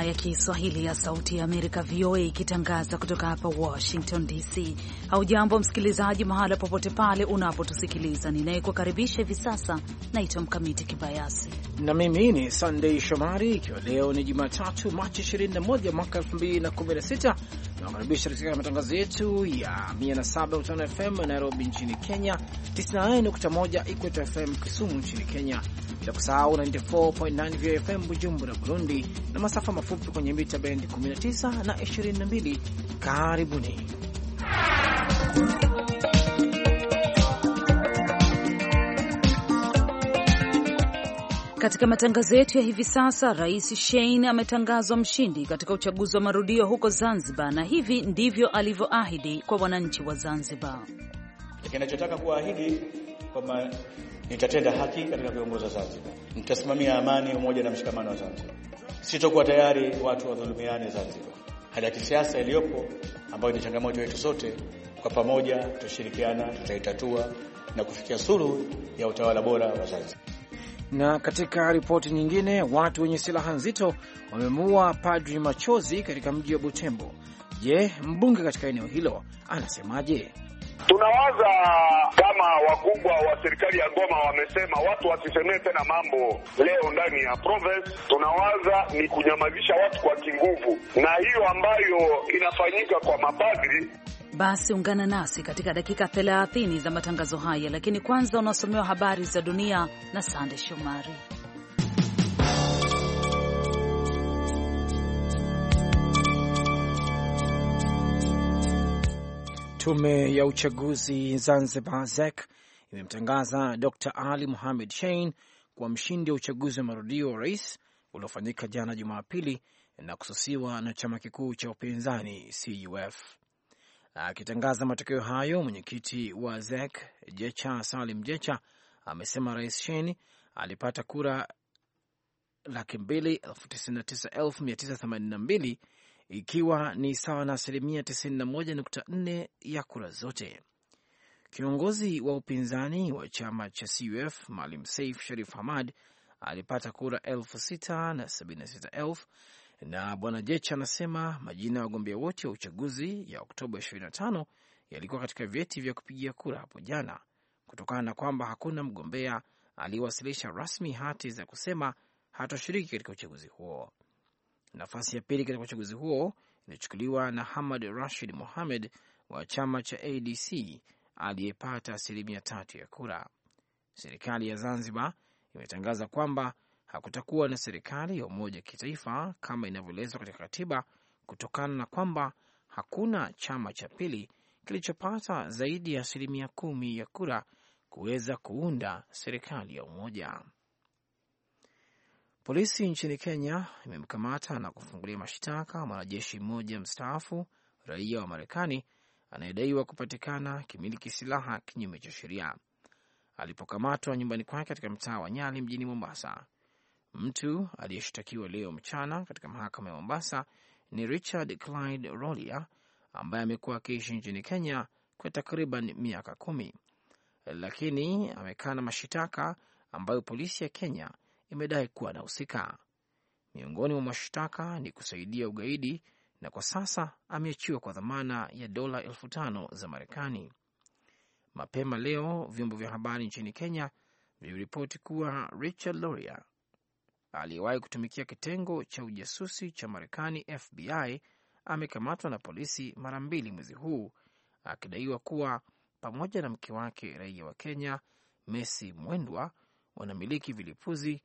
idhaa ya Kiswahili ya Sauti ya Amerika, VOA, ikitangaza kutoka hapa Washington DC. Haujambo msikilizaji, mahala popote pale unapotusikiliza. Ninayekukaribisha hivi sasa naitwa Mkamiti Kibayasi na mimi ni Sandei Shomari, ikiwa leo ni Jumatatu, Machi 21 mwaka 2016 tunawakaribisha katika matangazo yetu ya 107.5 FM Nairobi nchini Kenya, 94.1 Ikweta FM Kisumu nchini Kenya, bila kusahau 94.9 VFM FM Bujumbura Burundi, na masafa mafupi kwenye mita bendi 19 na 22. Karibuni Katika matangazo yetu ya hivi sasa, Rais Shein ametangazwa mshindi katika uchaguzi wa marudio huko Zanzibar, na hivi ndivyo alivyoahidi kwa wananchi wa Zanzibar. Kinachotaka kuahidi kwamba nitatenda haki katika kuongoza Zanzibar, nitasimamia amani, umoja na mshikamano wa Zanzibar, sitokuwa tayari watu wadhulumiane Zanzibar. Hali ya kisiasa iliyopo ambayo ni changamoto yetu sote, kwa pamoja tutashirikiana, tutaitatua na kufikia suluhu ya utawala bora wa Zanzibar. Na katika ripoti nyingine, watu wenye silaha nzito wamemuua padri machozi katika mji wa Butembo. Je, mbunge katika eneo hilo anasemaje? Tunawaza kama wakubwa wa serikali ya Goma wamesema watu wasisemee tena mambo leo ndani ya province. Tunawaza ni kunyamazisha watu kwa kinguvu, na hiyo ambayo inafanyika kwa mapadri basi ungana nasi katika dakika 30 za matangazo haya, lakini kwanza unasomewa habari za dunia na Sande Shomari. Tume ya uchaguzi Zanzibar ZEK imemtangaza Dr Ali Mohamed Shein kuwa mshindi wa uchaguzi wa marudio wa rais uliofanyika jana Jumapili na kususiwa na chama kikuu cha upinzani CUF. Akitangaza matokeo hayo, mwenyekiti wa ZEK Jecha Salim Jecha amesema Rais Shein alipata kura laki mbili elfu tisini na tisa elfu mia tisa themanini na mbili ikiwa ni sawa na asilimia 91.4 ya kura zote. Kiongozi wa upinzani wa chama cha CUF Maalim Seif Sharif Hamad alipata kura elfu sita na sabini na sita elfu na bwana Jecha anasema majina ya wagombea wote wa uchaguzi ya Oktoba 25 yalikuwa katika vyeti vya kupigia kura hapo jana, kutokana na kwamba hakuna mgombea aliyewasilisha rasmi hati za kusema hatoshiriki katika uchaguzi huo. Nafasi ya pili katika uchaguzi huo ilichukuliwa na Hamad Rashid Mohamed wa chama cha ADC aliyepata asilimia tatu ya kura. Serikali ya Zanzibar imetangaza kwamba hakutakuwa na serikali ya umoja kitaifa kama inavyoelezwa katika katiba, kutokana na kwamba hakuna chama cha pili kilichopata zaidi ya asilimia kumi ya kura kuweza kuunda serikali ya umoja. Polisi nchini Kenya imemkamata na kufungulia mashtaka mwanajeshi mmoja mstaafu raia wa Marekani anayedaiwa kupatikana kimiliki silaha kinyume cha sheria alipokamatwa nyumbani kwake katika mtaa wa Nyali mjini Mombasa. Mtu aliyeshtakiwa leo mchana katika mahakama ya Mombasa ni Richard Clyde Rolia ambaye amekuwa akiishi nchini Kenya kwa takriban miaka kumi, lakini amekana mashitaka ambayo polisi ya Kenya imedai kuwa anahusika. Miongoni mwa mashtaka ni kusaidia ugaidi, na kwa sasa ameachiwa kwa dhamana ya dola elfu tano za Marekani. Mapema leo vyombo vya habari nchini Kenya viliripoti kuwa Richard Loria aliyewahi kutumikia kitengo cha ujasusi cha Marekani FBI amekamatwa na polisi mara mbili mwezi huu akidaiwa kuwa pamoja na mke wake raia wa Kenya Messi Mwendwa wanamiliki vilipuzi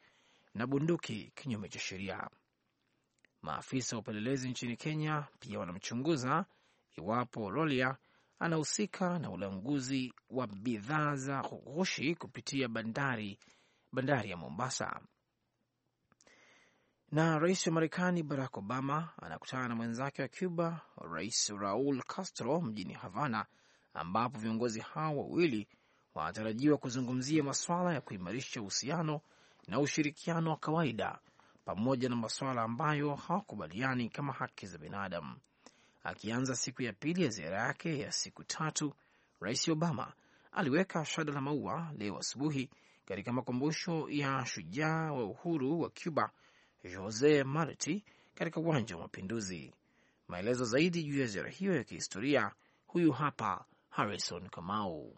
na bunduki kinyume cha sheria. Maafisa wa upelelezi nchini Kenya pia wanamchunguza iwapo Lolia anahusika na ulanguzi wa bidhaa za ghushi kupitia bandari bandari ya Mombasa. Na rais wa Marekani Barack Obama anakutana na mwenzake wa Cuba Rais Raul Castro mjini Havana, ambapo viongozi hao wawili wanatarajiwa kuzungumzia masuala ya kuimarisha uhusiano na ushirikiano wa kawaida pamoja na masuala ambayo hawakubaliani kama haki za binadamu. Akianza siku ya pili ya ziara yake ya siku tatu, Rais Obama aliweka shada la maua leo asubuhi katika makumbusho ya shujaa wa uhuru wa Cuba Jose Marti katika uwanja wa Mapinduzi. Maelezo zaidi juu ya ziara hiyo ya kihistoria, huyu hapa Harrison Kamau.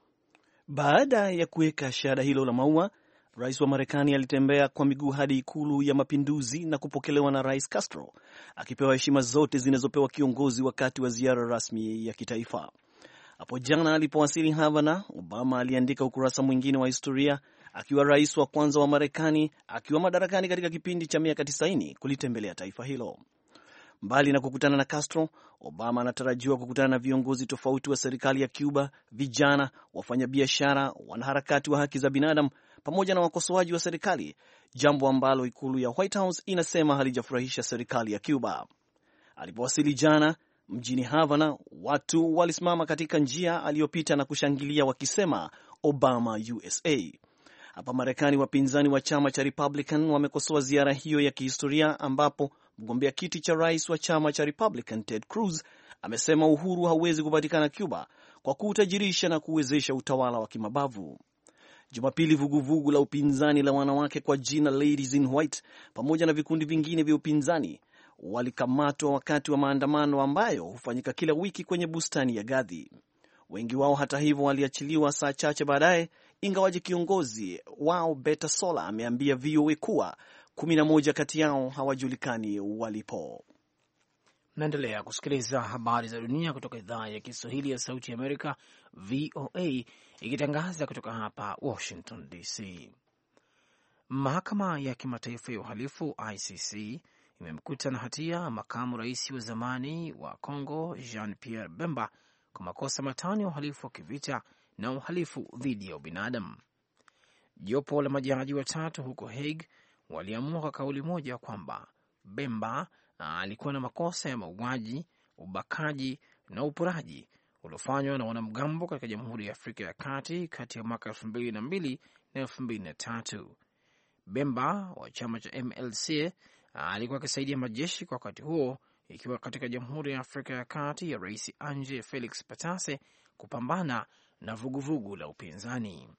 Baada ya kuweka shahada hilo la maua, rais wa Marekani alitembea kwa miguu hadi Ikulu ya Mapinduzi na kupokelewa na Rais Castro akipewa heshima zote zinazopewa kiongozi wakati wa ziara rasmi ya kitaifa. Hapo jana alipowasili Havana, Obama aliandika ukurasa mwingine wa historia akiwa rais wa kwanza wa Marekani akiwa madarakani katika kipindi cha miaka 90 kulitembelea taifa hilo. Mbali na kukutana na Castro, Obama anatarajiwa kukutana na viongozi tofauti wa serikali ya Cuba, vijana, wafanyabiashara, wanaharakati wa haki za binadamu pamoja na wakosoaji wa serikali, jambo ambalo ikulu ya White House inasema halijafurahisha serikali ya Cuba. Alipowasili jana mjini Havana, watu walisimama katika njia aliyopita na kushangilia wakisema Obama USA. Hapa Marekani, wapinzani wa chama cha Republican wamekosoa ziara hiyo ya kihistoria, ambapo mgombea kiti cha rais wa chama cha Republican Ted Cruz amesema uhuru hauwezi kupatikana Cuba kwa kuutajirisha na kuwezesha utawala wa kimabavu. Jumapili, vuguvugu la upinzani la wanawake kwa jina Ladies in White pamoja na vikundi vingine vya upinzani walikamatwa wakati wa maandamano ambayo hufanyika kila wiki kwenye bustani ya Gadhi. Wengi wao hata hivyo waliachiliwa saa chache baadaye, ingawaje kiongozi wao Beta Sola ameambia VOA kuwa 11 kati yao hawajulikani walipo. naendelea kusikiliza habari za dunia kutoka idhaa ya Kiswahili ya Sauti ya Amerika, VOA, ikitangaza kutoka hapa Washington DC. Mahakama ya Kimataifa ya Uhalifu, ICC, imemkuta na hatia makamu rais wa zamani wa Congo Jean Pierre Bemba kwa makosa matano ya uhalifu wa kivita na uhalifu dhidi ya ubinadamu. Jopo la majaji watatu huko Hague waliamua kwa kauli moja kwamba Bemba alikuwa na makosa ya mauaji, ubakaji na upuraji uliofanywa na wanamgambo katika Jamhuri ya Afrika ya Kati kati ya mwaka elfu mbili na mbili na elfu mbili na tatu. Bemba wa chama cha MLC alikuwa akisaidia majeshi kwa wakati huo ikiwa katika Jamhuri ya Afrika ya Kati ya Rais Anje Felix Patase kupambana na vuguvugu vugu la upinzani.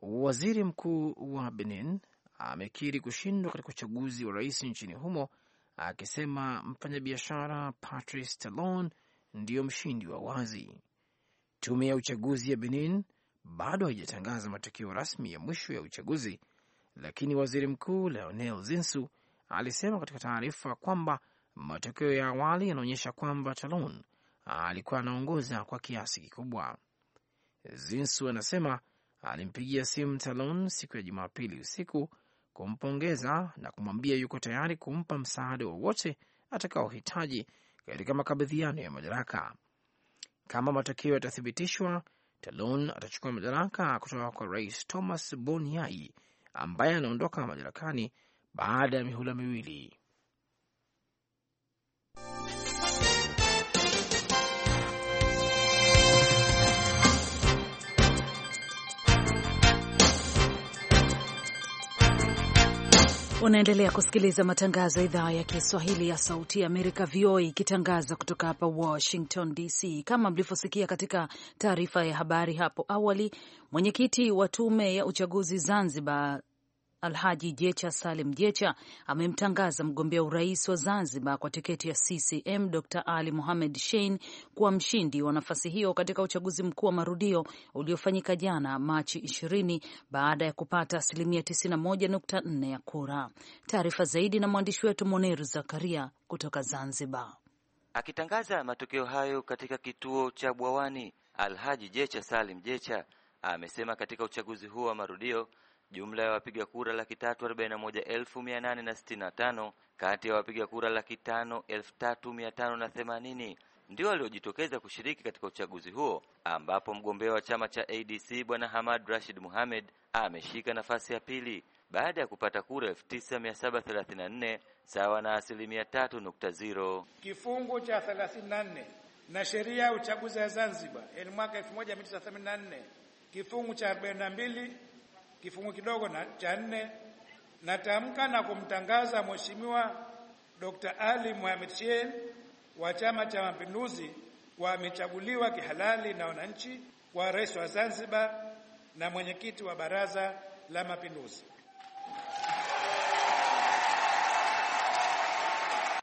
Waziri mkuu wa Benin amekiri kushindwa katika uchaguzi wa rais nchini humo, akisema mfanyabiashara Patrice Talon ndiyo mshindi wa wazi. Tume ya uchaguzi ya Benin bado haijatangaza matokeo rasmi ya mwisho ya uchaguzi, lakini waziri mkuu Leonel Zinsu alisema katika taarifa kwamba matokeo ya awali yanaonyesha kwamba Talon alikuwa anaongoza kwa kiasi kikubwa. Zinsu anasema alimpigia simu Talon siku ya Jumapili usiku kumpongeza na kumwambia yuko tayari kumpa msaada wowote atakaohitaji katika makabidhiano ya madaraka. Kama matokeo yatathibitishwa, Talon atachukua madaraka kutoka kwa Rais Thomas Boniai ambaye anaondoka madarakani baada ya mihula miwili. Unaendelea kusikiliza matangazo ya idhaa ya Kiswahili ya Sauti ya Amerika, VOA, ikitangaza kutoka hapa Washington DC. Kama mlivyosikia katika taarifa ya habari hapo awali, mwenyekiti wa tume ya uchaguzi Zanzibar Alhaji Jecha Salim Jecha amemtangaza mgombea urais wa Zanzibar kwa tiketi ya CCM Dr Ali muhamed Shein kuwa mshindi wa nafasi hiyo katika uchaguzi mkuu wa marudio uliofanyika jana Machi 20 baada ya kupata asilimia 91.4 ya kura. Taarifa zaidi na mwandishi wetu Moneru Zakaria kutoka Zanzibar. Akitangaza matokeo hayo katika kituo cha Bwawani, Alhaji Jecha Salim Jecha amesema katika uchaguzi huo wa marudio Jumla ya wapiga kura laki tatu arobaini na moja elfu mia nane na sitini na tano kati ya wapiga kura laki tano elfu tatu mia tano na themanini ndio waliojitokeza kushiriki katika uchaguzi huo ambapo mgombea wa chama cha ADC Bwana Hamad Rashid muhamed ameshika nafasi ya pili baada ya kupata kura 9734 sawa na asilimia 3.0. Kifungu cha 34 na sheria ya uchaguzi ya Zanzibar ya mwaka 1984 kifungu cha 42 kifungu kidogo na cha nne, natamka na kumtangaza Mheshimiwa Dr. Ali Mohamed Shein wa Chama cha Mapinduzi wamechaguliwa kihalali na wananchi kwa rais wa Zanzibar na mwenyekiti wa Baraza la Mapinduzi.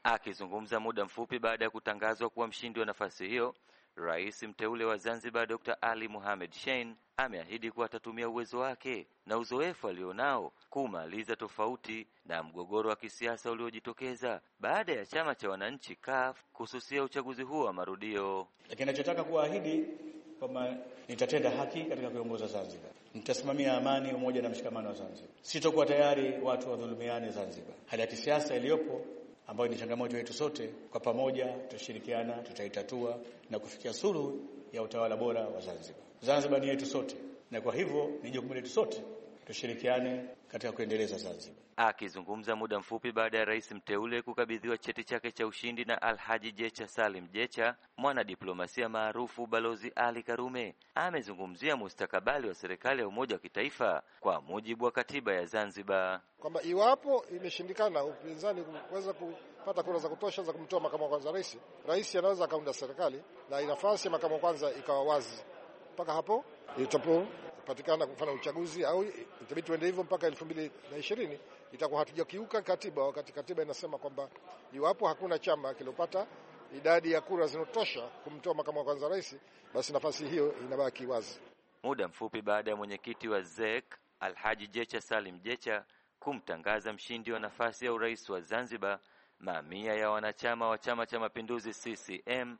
Akizungumza muda mfupi baada ya kutangazwa kuwa mshindi wa nafasi hiyo, Rais mteule wa Zanzibar Dr. Ali Mohamed Shein ameahidi kuwa atatumia uwezo wake na uzoefu alionao kumaliza tofauti na mgogoro wa kisiasa uliojitokeza baada ya chama cha wananchi CUF kususia uchaguzi huo wa marudio. Lakini anachotaka kuahidi kwamba nitatenda haki katika kuiongoza Zanzibar, nitasimamia amani, umoja na mshikamano wa Zanzibar. Sitokuwa tayari watu wadhulumiane Zanzibar. Hali ya kisiasa iliyopo ambayo ni changamoto yetu sote. Kwa pamoja tutashirikiana, tutaitatua na kufikia suluhu ya utawala bora wa Zanzibar. Zanzibar ni yetu sote, na kwa hivyo ni jukumu letu sote tushirikiane katika kuendeleza Zanzibar. Akizungumza muda mfupi baada ya rais mteule kukabidhiwa cheti chake cha ushindi na Alhaji Jecha Salim Jecha, mwanadiplomasia maarufu Balozi Ali Karume amezungumzia mustakabali wa serikali ya umoja wa kitaifa kwa mujibu wa katiba ya Zanzibar, kwamba iwapo imeshindikana upinzani kuweza kupata kura za kutosha za kumtoa makamu wa kwanza rais, rais anaweza akaunda serikali na nafasi ya makamu wa kwanza ikawa wazi mpaka hapo ilichopo kupatikana kufanya uchaguzi au itabidi tuende hivyo mpaka elfu mbili na ishirini itakuwa hatujakiuka katiba, wakati katiba inasema kwamba iwapo hakuna chama kiliopata idadi ya kura zinotosha kumtoa makamu wa kwanza rais, basi nafasi hiyo inabaki wazi. Muda mfupi baada ya mwenyekiti wa ZEC Alhaji Jecha Salim Jecha kumtangaza mshindi wa nafasi ya urais wa Zanzibar, mamia ya wanachama wa Chama cha Mapinduzi CCM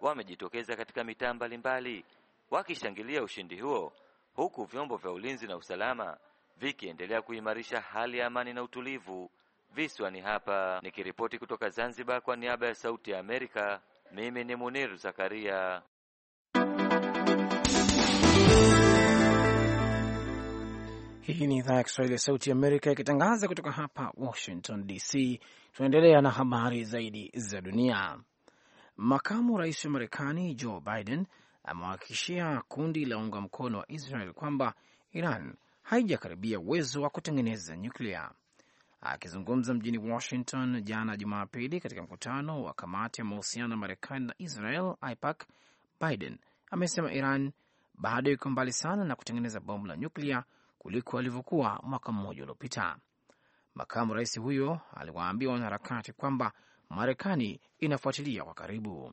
wamejitokeza katika mitaa mbalimbali wakishangilia ushindi huo huku vyombo vya ulinzi na usalama vikiendelea kuimarisha hali ya amani na utulivu visiwani hapa. Nikiripoti kutoka Zanzibar kwa niaba ya Sauti ya Amerika, mimi ni Muniru Zakaria. Hii ni idhaa ya Kiswahili ya Sauti ya Amerika ikitangaza kutoka hapa Washington DC. Tunaendelea na habari zaidi za dunia. Makamu rais wa Marekani Joe Biden amewahakikishia kundi la unga mkono wa Israel kwamba Iran haijakaribia uwezo wa kutengeneza nyuklia. Akizungumza mjini Washington jana Jumapili katika mkutano wa kamati ya mahusiano ya Marekani na Israel AIPAC, Biden amesema Iran bado iko mbali sana na kutengeneza bomu la nyuklia kuliko alivyokuwa mwaka mmoja uliopita. Makamu rais huyo aliwaambia wanaharakati kwamba Marekani inafuatilia kwa karibu.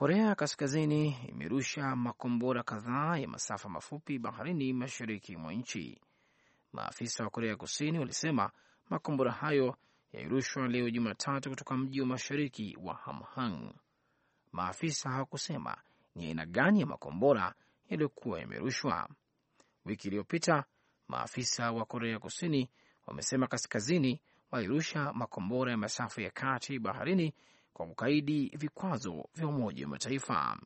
Korea Kaskazini imerusha makombora kadhaa ya masafa mafupi baharini mashariki mwa nchi. Maafisa wa Korea Kusini walisema makombora hayo yalirushwa leo Jumatatu kutoka mji wa mashariki wa Hamhang. Maafisa hawakusema ni aina gani ya makombora yaliyokuwa yamerushwa. Wiki iliyopita maafisa wa Korea Kusini wamesema kaskazini walirusha makombora ya masafa ya kati baharini kwa kukaidi vikwazo vya Umoja wa Mataifa.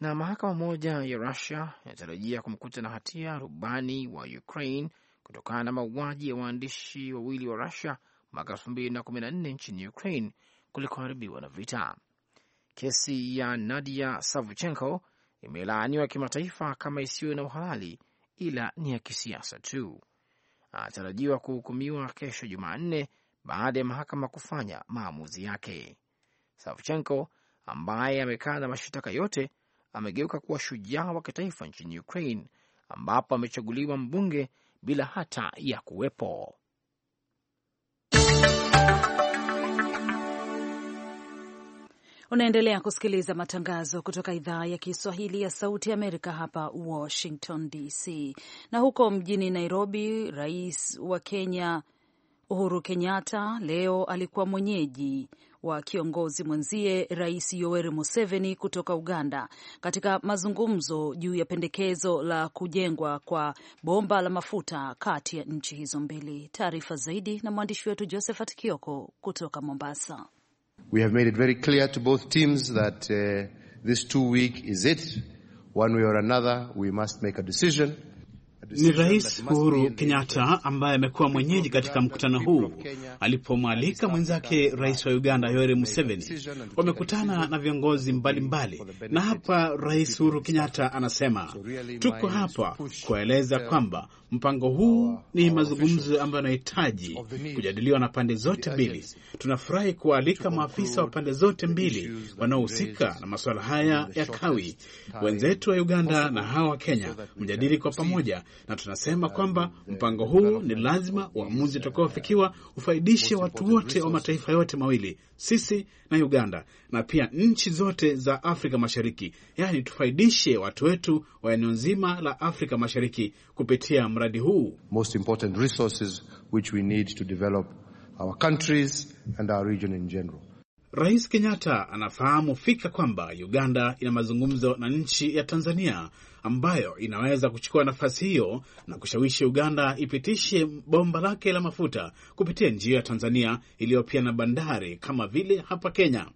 Na mahakama moja ya Rusia inatarajia kumkuta na hatia rubani wa Ukraine kutokana na mauaji ya waandishi wawili wa Rusia mwaka elfu mbili na kumi na nne nchini Ukraine kulikoharibiwa na vita. Kesi ya Nadia savuchenko imelaaniwa kimataifa kama isiyo na uhalali, ila ni ya kisiasa tu. Anatarajiwa kuhukumiwa kesho Jumanne baada ya mahakama kufanya maamuzi yake. Savchenko ambaye amekaa na mashitaka yote amegeuka kuwa shujaa wa kitaifa nchini Ukraine, ambapo amechaguliwa mbunge bila hata ya kuwepo. Unaendelea kusikiliza matangazo kutoka idhaa ya Kiswahili ya Sauti ya Amerika hapa Washington DC. Na huko mjini Nairobi, rais wa Kenya Uhuru Kenyatta leo alikuwa mwenyeji wa kiongozi mwenzie Rais Yoweri Museveni kutoka Uganda katika mazungumzo juu ya pendekezo la kujengwa kwa bomba la mafuta kati ya nchi hizo mbili. Taarifa zaidi na mwandishi wetu Josephat Kioko kutoka Mombasa. We have made it very clear to both teams that uh, this two week is it. One way or another we must make a decision ni Rais Uhuru Kenyatta ambaye amekuwa mwenyeji katika mkutano huu alipomwalika mwenzake rais wa Uganda Yoweri Museveni. Wamekutana na viongozi mbalimbali mbali. Na hapa Rais Uhuru Kenyatta anasema tuko hapa kuwaeleza uh, kwamba Mpango huu ni mazungumzo ambayo yanahitaji kujadiliwa na pande zote mbili. Tunafurahi kuwaalika maafisa wa pande zote mbili wanaohusika na masuala haya ya kawi, wenzetu wa Uganda na hawa wa Kenya, mjadili kwa pamoja, na tunasema kwamba mpango huu ni lazima, uamuzi uh, utakaofikiwa ufaidishe watu wote wa mataifa yote mawili, sisi na Uganda, na pia nchi zote za Afrika Mashariki, yaani tufaidishe watu wetu wa eneo nzima la Afrika Mashariki kupitia mradi huu. Most important resources which we need to develop our countries and our region in general. Rais Kenyatta anafahamu fika kwamba Uganda ina mazungumzo na nchi ya Tanzania ambayo inaweza kuchukua nafasi hiyo na kushawishi Uganda ipitishe bomba lake la mafuta kupitia njia ya Tanzania iliyo pia na bandari kama vile hapa Kenya.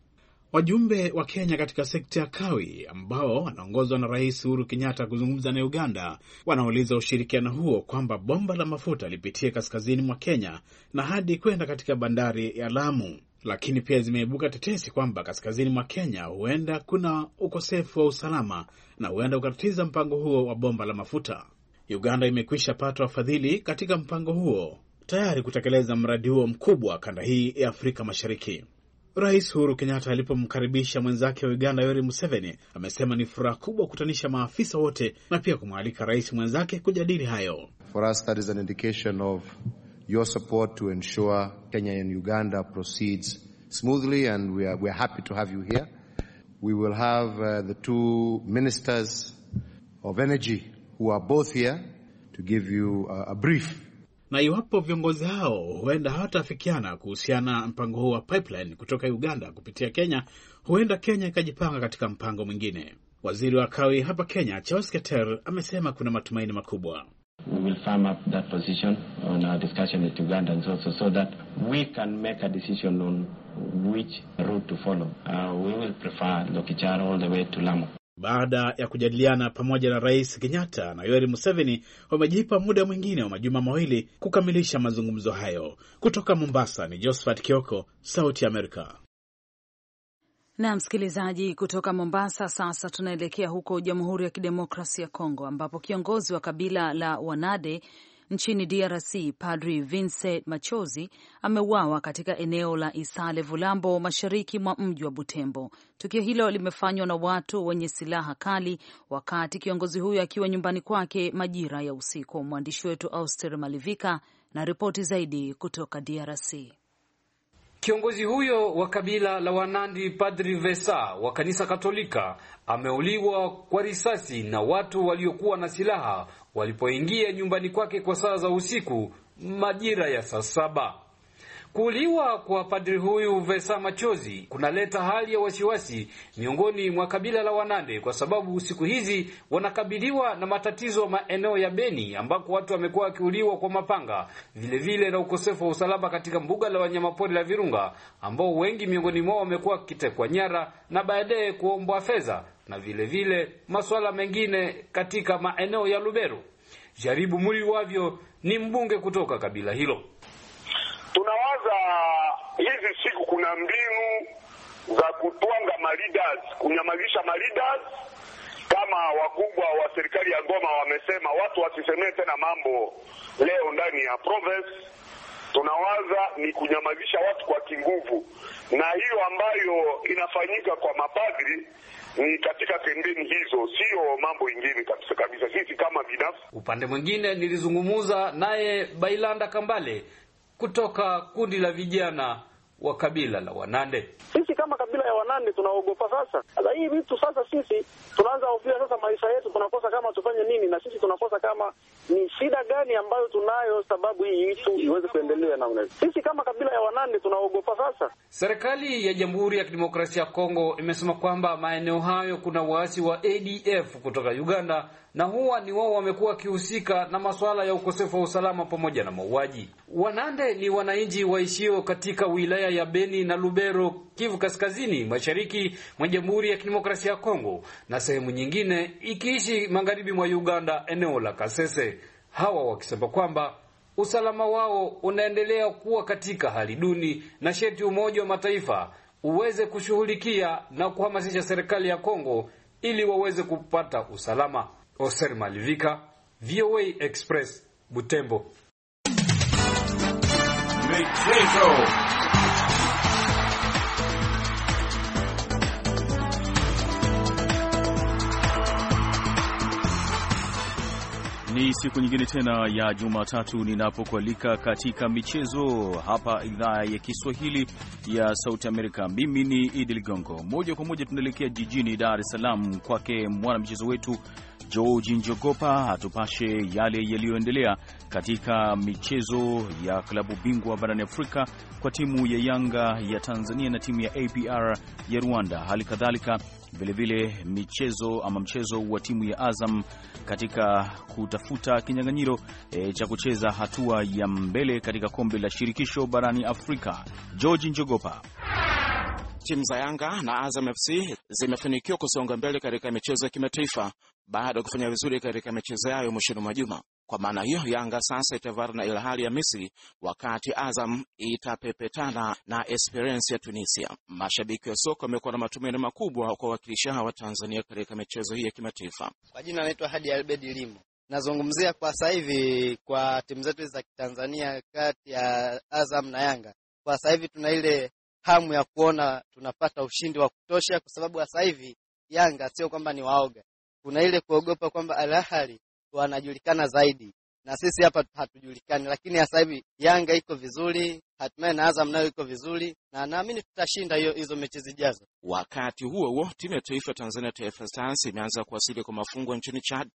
Wajumbe wa Kenya katika sekta ya kawi ambao wanaongozwa na Rais Uhuru Kenyatta kuzungumza na Uganda wanauliza ushirikiano huo kwamba bomba la mafuta lipitie kaskazini mwa Kenya na hadi kwenda katika bandari ya Lamu. Lakini pia zimeibuka tetesi kwamba kaskazini mwa Kenya huenda kuna ukosefu wa usalama na huenda ukatatiza mpango huo wa bomba la mafuta. Uganda imekwisha pata wafadhili katika mpango huo tayari kutekeleza mradi huo mkubwa kanda hii ya Afrika Mashariki. Rais Uhuru Kenyatta alipomkaribisha mwenzake wa Uganda Yoweri Museveni, amesema ni furaha kubwa kukutanisha maafisa wote na pia kumwalika rais mwenzake kujadili hayo. For us that is an indication of your support to ensure Kenya and Uganda proceeds smoothly and we are, we are happy to have you here. We will have uh, the two ministers of energy who are both here to give you uh, a brief na iwapo viongozi hao huenda hawataafikiana kuhusiana na mpango huu wa pipeline kutoka Uganda kupitia Kenya, huenda Kenya ikajipanga katika mpango mwingine. Waziri wa kawi hapa Kenya, Charles Keter, amesema kuna matumaini makubwa baada ya kujadiliana pamoja na Rais Kenyatta na Yoweri Museveni, wamejipa muda mwingine wa majuma mawili kukamilisha mazungumzo hayo. Kutoka Mombasa ni Josephat Kioko, Sauti ya Amerika. Na msikilizaji kutoka Mombasa, sasa tunaelekea huko Jamhuri ya Kidemokrasi ya Kongo ambapo kiongozi wa kabila la Wanade Nchini DRC, Padri Vincent Machozi ameuawa katika eneo la Isale Vulambo, mashariki mwa mji wa Butembo. Tukio hilo limefanywa na watu wenye silaha kali, wakati kiongozi huyo akiwa nyumbani kwake majira ya usiku. Mwandishi wetu Auster Malivika na ripoti zaidi kutoka DRC. Kiongozi huyo wa kabila la Wanandi, Padri Vesa wa kanisa Katolika, ameuliwa kwa risasi na watu waliokuwa na silaha walipoingia nyumbani kwake kwa saa za usiku majira ya saa saba. Kuuliwa kwa padri huyu vesa Machozi kunaleta hali ya wasiwasi miongoni mwa kabila la Wanande kwa sababu siku hizi wanakabiliwa na matatizo maeneo ya Beni ambako watu wamekuwa wakiuliwa kwa mapanga, vilevile vile na ukosefu wa usalama katika mbuga la wanyamapori la Virunga, ambao wengi miongoni mwao wamekuwa wakitekwa nyara na baadaye kuombwa fedha na vilevile vile masuala mengine katika maeneo ya Lubero. Jaribu Muli wavyo ni mbunge kutoka kabila hilo tunawaza hizi siku kuna mbinu za kutwanga malidas, kunyamazisha malidas kama wakubwa wa serikali ya Goma wamesema watu wasisemee tena mambo leo ndani ya province. Tunawaza ni kunyamazisha watu kwa kinguvu, na hiyo ambayo inafanyika kwa mapadri ni katika pembeni hizo, sio mambo ingine kabisa kabisa. Sisi kama binafsi, upande mwingine nilizungumuza naye Bailanda Kambale kutoka kundi la vijana wa kabila la Wanande. Sisi kama kabila ya Wanande tunaogopa sasa. Sasa hii vitu sasa, sisi tunaanza hofia sasa maisha yetu, tunakosa kama tufanye nini, na sisi tunakosa kama ni shida gani ambayo tunayo, sababu hii vitu iweze kuendelea namna hii. Sisi kama kabila ya Wanande tunaogopa sasa. Serikali ya Jamhuri ya Kidemokrasia ya Kongo imesema kwamba maeneo hayo kuna waasi wa ADF kutoka Uganda na huwa ni wao wamekuwa wakihusika na masuala ya ukosefu wa usalama pamoja na mauaji. Wanande ni wananchi waishio katika wilaya ya Beni na Lubero, Kivu Kaskazini, mashariki mwa Jamhuri ya Kidemokrasia ya Kongo na sehemu nyingine, ikiishi magharibi mwa Uganda, eneo la Kasese, hawa wakisema kwamba usalama wao unaendelea kuwa katika hali duni na sheti Umoja wa Mataifa uweze kushughulikia na kuhamasisha serikali ya Kongo ili waweze kupata usalama. Oser Malivika, VOA Express, Butembo. Michezo. Ni siku nyingine tena ya Jumatatu ninapokualika katika michezo hapa idhaa ya Kiswahili ya Sauti Amerika. Mimi ni Idi Ligongo. Moja kwa moja tunaelekea jijini Dar es Salaam kwake mwanamchezo wetu George Njogopa atupashe yale yaliyoendelea katika michezo ya klabu bingwa barani Afrika kwa timu ya Yanga ya Tanzania na timu ya APR ya Rwanda. Hali kadhalika vilevile michezo ama mchezo wa timu ya Azam katika kutafuta kinyang'anyiro e, cha kucheza hatua ya mbele katika kombe la shirikisho barani Afrika. George Njogopa. Timu za Yanga na Azam FC zimefanikiwa kusonga mbele katika michezo ya kimataifa baada ya kufanya vizuri katika michezo yayo mwishoni mwa juma. Kwa maana hiyo, Yanga sasa itavara na Ilhali ya Misri, wakati Azam itapepetana na Esperance ya Tunisia. Mashabiki wa soka wamekuwa na matumaini makubwa kwa wakilishi hawa wa Tanzania katika michezo hii ya kimataifa. Kwa jina anaitwa Hadi Albedi Limo. Nazungumzia kwa sasa hivi kwa timu zetu za Kitanzania kati ya Azam na Yanga. Kwa sasa hivi tuna ile hamu ya kuona tunapata ushindi wa kutosha, kwa sababu sasa hivi Yanga sio kwamba ni waoga, kuna ile kuogopa kwamba Al Ahly wanajulikana zaidi na sisi hapa hatujulikani, lakini sasa hivi Yanga iko vizuri, hatimaye na Azam nayo iko vizuri na naamini tutashinda hiyo hizo mechi zijazo. Wakati huo huo, timu ya taifa ya Tanzania Taifa Stars imeanza kuwasili kwa mafungwa nchini Chad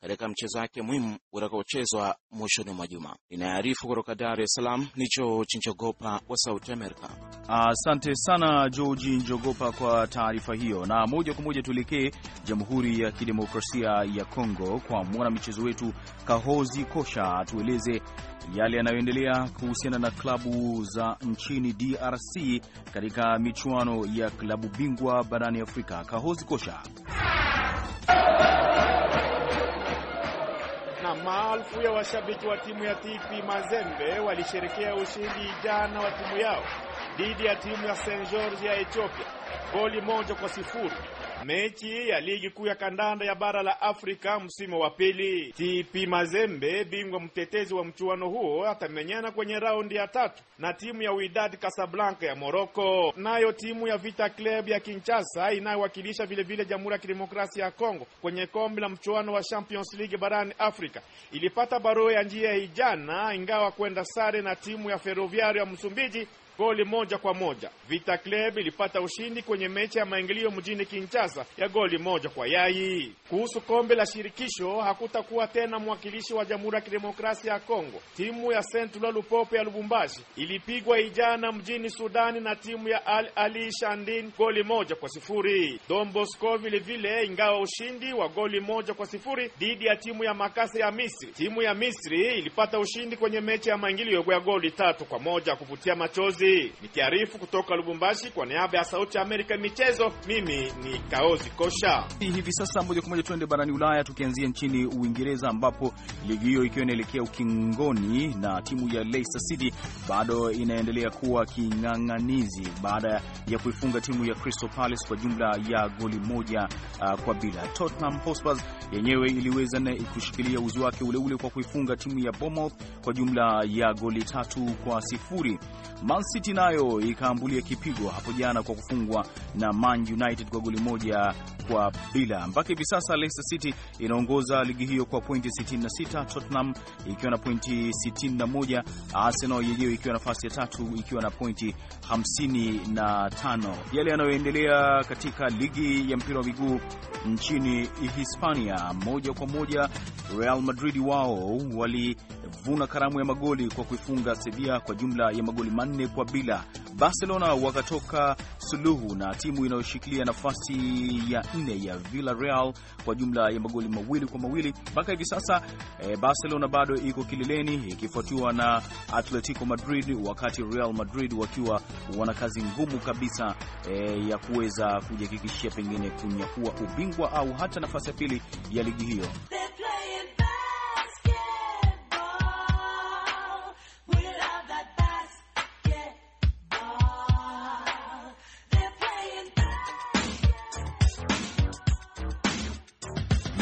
katika mchezo wake muhimu utakaochezwa mwishoni mwa juma. Inaarifu kutoka Dar es Salaam ni George Njogopa wa Sauti america Asante sana George Njogopa kwa taarifa hiyo, na moja kwa moja tuelekee Jamhuri ya Kidemokrasia ya Kongo kwa mwanamichezo wetu Kahozi Kosha atueleze yale yanayoendelea kuhusiana na klabu za nchini DRC katika michuano ya klabu bingwa barani Afrika. Kahozi Kosha. Na maelfu ya washabiki wa timu ya TP Mazembe walisherekea ushindi jana wa timu yao dhidi ya timu ya St George ya Ethiopia goli moja kwa sifuri mechi ya ligi kuu ya kandanda ya bara la Afrika msimu wa pili. TP Mazembe, bingwa mtetezi wa mchuano huo, atamenyana kwenye raundi ya tatu na timu ya Wydad Casablanca ya Moroko. Nayo timu ya Vita Club ya Kinshasa inayowakilisha vilevile Jamhuri ya Kidemokrasia ya Kongo kwenye kombe la mchuano wa Champions League barani Afrika ilipata barua ya njia ya ijana, ingawa kwenda sare na timu ya Ferroviario ya Msumbiji goli moja kwa moja. Vita Club ilipata ushindi kwenye mechi ya maingilio mjini Kinshasa ya goli moja kwa yai. Kuhusu kombe la shirikisho, hakutakuwa tena mwakilishi wa Jamhuri ya Kidemokrasia ya Kongo. Timu ya Saint Lupopo ya Lubumbashi ilipigwa ijana mjini Sudani na timu ya Al Ali Shandin goli moja kwa sifuri. Don Bosco vile vile, ingawa ushindi wa goli moja kwa sifuri dhidi ya timu ya makasa ya Misri. Timu ya Misri ilipata ushindi kwenye mechi ya maingilio ya goli tatu kwa moja kuvutia machozi. Kaozi Nikiarifu kutoka Lubumbashi kwa niaba ya Sauti ya Amerika michezo, mimi ni Kaozi Kosha. Hivi sasa moja kwa moja tuende barani Ulaya, tukianzia nchini Uingereza ambapo ligi hiyo ikiwa inaelekea ukingoni na timu ya Leicester City bado inaendelea kuwa king'ang'anizi baada ya kuifunga timu ya Crystal Palace kwa jumla ya goli moja uh, kwa bila. Tottenham Hotspur yenyewe iliweza na kushikilia uzi wake uleule ule kwa kuifunga timu ya Bournemouth kwa jumla ya goli tatu kwa sifuri. Man City nayo ikaambulia kipigo hapo jana kwa kufungwa na Man United kwa goli moja kwa bila. Mpaka hivi sasa Leicester City inaongoza ligi hiyo kwa pointi 66, Tottenham ikiwa na pointi 61, Arsenal yenyewe ikiwa nafasi ya tatu ikiwa na pointi 55. Yale yanayoendelea katika ligi ya mpira wa miguu nchini Hispania moja kwa moja Real Madrid wao walivuna karamu ya magoli kwa kuifunga Sevilla kwa jumla ya magoli manne kwa bila. Barcelona wakatoka suluhu na timu inayoshikilia nafasi ya nne ya Villarreal kwa jumla ya magoli mawili kwa mawili mpaka hivi sasa. E, Barcelona bado iko kileleni ikifuatiwa na Atletico Madrid, wakati Real Madrid wakiwa wana kazi ngumu kabisa e, ya kuweza kujihakikishia pengine kunyakua ubingwa au hata nafasi ya pili ya ligi hiyo.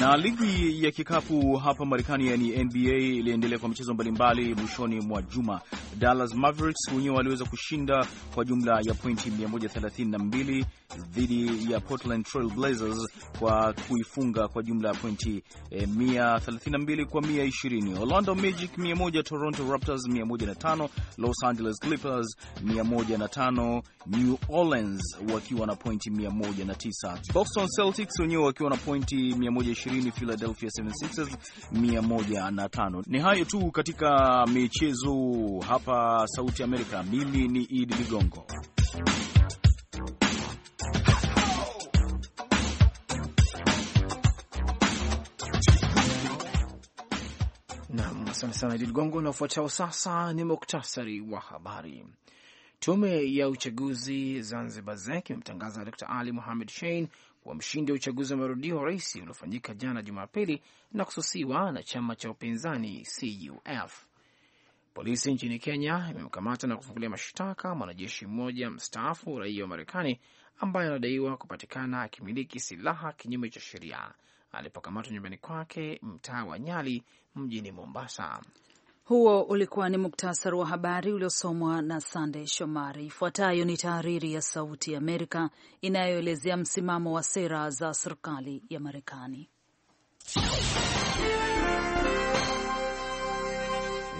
Na ligi ya kikapu hapa Marekani, yani NBA, iliendelea kwa michezo mbalimbali mwishoni mwa juma Dallas Mavericks wenyewe waliweza kushinda kwa jumla ya pointi 132 dhidi ya Portland Trail Blazers kwa kuifunga kwa jumla ya pointi 132 eh, kwa 120. Orlando Magic 100, Toronto Raptors 105, Los Angeles Clippers 105, New Orleans wakiwa na pointi 109, Boston Celtics wenyewe wakiwa na pointi 120, Philadelphia 76ers 105. Ni hayo tu katika michezo hapa hapa Sauti Amerika. Mimi ni Idi Ligongo. Naam, asante sana Idi Ligongo. Na ufuatao sasa ni muktasari wa habari. Tume ya uchaguzi Zanzibar ZEK imemtangaza Dr Ali muhamed Shein kuwa mshindi wa uchaguzi wa marudio wa rais uliofanyika jana Jumapili na kususiwa na chama cha upinzani CUF. Polisi nchini Kenya imemkamata na kufungulia mashtaka mwanajeshi mmoja mstaafu raia wa Marekani ambaye anadaiwa kupatikana akimiliki silaha kinyume cha sheria alipokamatwa nyumbani kwake mtaa wa Nyali mjini Mombasa. Huo ulikuwa ni muktasari wa habari uliosomwa na Sandey Shomari. Ifuatayo ni tahariri ya Sauti ya Amerika inayoelezea msimamo wa sera za serikali ya Marekani.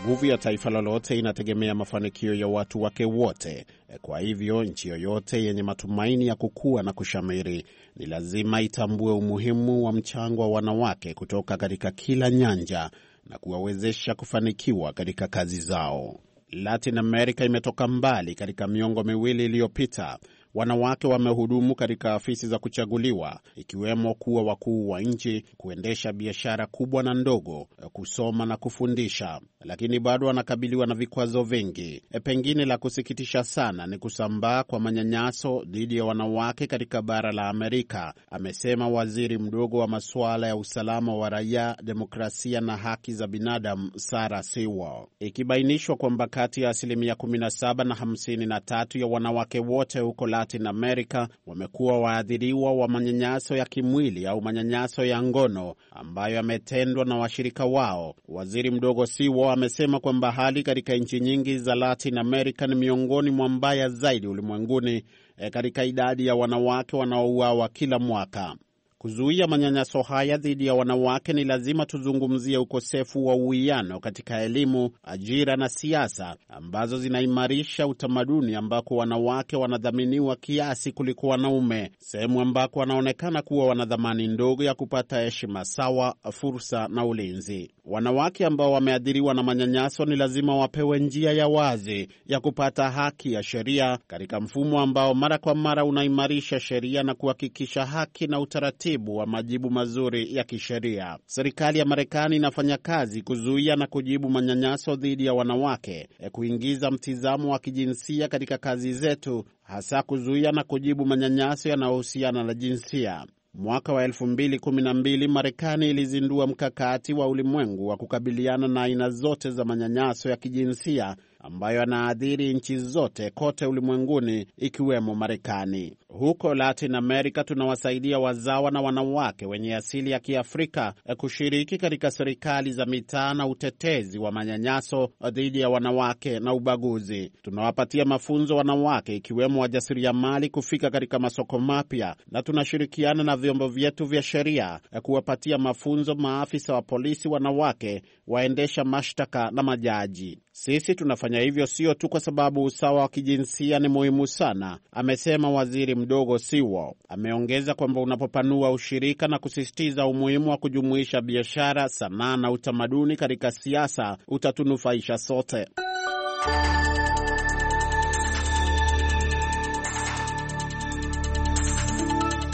Nguvu ya taifa lolote inategemea mafanikio ya watu wake wote. Kwa hivyo, nchi yoyote yenye matumaini ya kukua na kushamiri ni lazima itambue umuhimu wa mchango wa wanawake kutoka katika kila nyanja na kuwawezesha kufanikiwa katika kazi zao. Latin America imetoka mbali katika miongo miwili iliyopita. Wanawake wamehudumu katika afisi za kuchaguliwa, ikiwemo kuwa wakuu wa nchi, kuendesha biashara kubwa na ndogo, kusoma na kufundisha lakini bado wanakabiliwa na vikwazo vingi. E, pengine la kusikitisha sana ni kusambaa kwa manyanyaso dhidi ya wanawake katika bara la Amerika, amesema waziri mdogo wa masuala ya usalama wa raia, demokrasia na haki za binadamu Sara Sewall, ikibainishwa kwamba kati ya asilimia 17 na 53 ya wanawake wote huko Latin America wamekuwa waadhiriwa wa manyanyaso ya kimwili au manyanyaso ya ngono ambayo yametendwa na washirika wao. Waziri mdogo Sewall amesema kwamba hali katika nchi nyingi za Latin America ni miongoni mwa mbaya zaidi ulimwenguni eh, katika idadi ya wanawake wanaouawa kila mwaka. Kuzuia manyanyaso haya dhidi ya wanawake ni lazima tuzungumzie ukosefu wa uwiano katika elimu, ajira na siasa ambazo zinaimarisha utamaduni ambako wanawake wanadhaminiwa kiasi kuliko wanaume, sehemu ambako wanaonekana kuwa wana dhamani ndogo ya kupata heshima sawa, fursa na ulinzi. Wanawake ambao wameathiriwa na manyanyaso ni lazima wapewe njia ya wazi ya kupata haki ya sheria katika mfumo ambao mara kwa mara unaimarisha sheria na kuhakikisha haki na utaratibu utaratibu wa majibu mazuri ya kisheria. Serikali ya Marekani inafanya kazi kuzuia na kujibu manyanyaso dhidi ya wanawake, eh, kuingiza mtizamo wa kijinsia katika kazi zetu, hasa kuzuia na kujibu manyanyaso yanayohusiana na jinsia. Mwaka wa 2012 Marekani ilizindua mkakati wa ulimwengu wa kukabiliana na aina zote za manyanyaso ya kijinsia ambayo anaadhiri nchi zote kote ulimwenguni ikiwemo Marekani. Huko Latin America tunawasaidia wazawa na wanawake wenye asili ya Kiafrika eh, kushiriki katika serikali za mitaa na utetezi wa manyanyaso eh, dhidi ya wanawake na ubaguzi. Tunawapatia mafunzo wanawake, ikiwemo wajasiriamali, kufika katika masoko mapya, na tunashirikiana na vyombo vyetu vya sheria eh, kuwapatia mafunzo maafisa wa polisi wanawake, waendesha mashtaka na majaji. Sisi tunafanya hivyo sio tu kwa sababu usawa wa kijinsia ni muhimu sana, amesema waziri mdogo Siwo. Ameongeza kwamba unapopanua ushirika na kusisitiza umuhimu wa kujumuisha biashara, sanaa na utamaduni katika siasa utatunufaisha sote.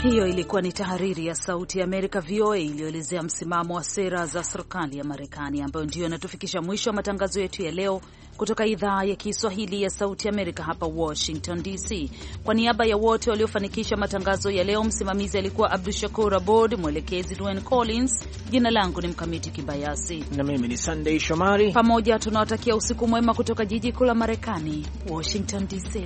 Hiyo ilikuwa ni tahariri ya Sauti ya Amerika, VOA, iliyoelezea msimamo wa sera za serikali ya Marekani, ambayo ndiyo inatufikisha mwisho wa matangazo yetu ya leo kutoka idhaa ya Kiswahili ya Sauti ya Amerika hapa Washington DC. Kwa niaba ya wote waliofanikisha matangazo ya leo, msimamizi alikuwa Abdu Shakur Abord, mwelekezi Dwayne Collins. Jina langu ni Mkamiti Kibayasi na mimi ni Sandei Shomari. Pamoja tunawatakia usiku mwema kutoka jiji kuu la Marekani, Washington DC.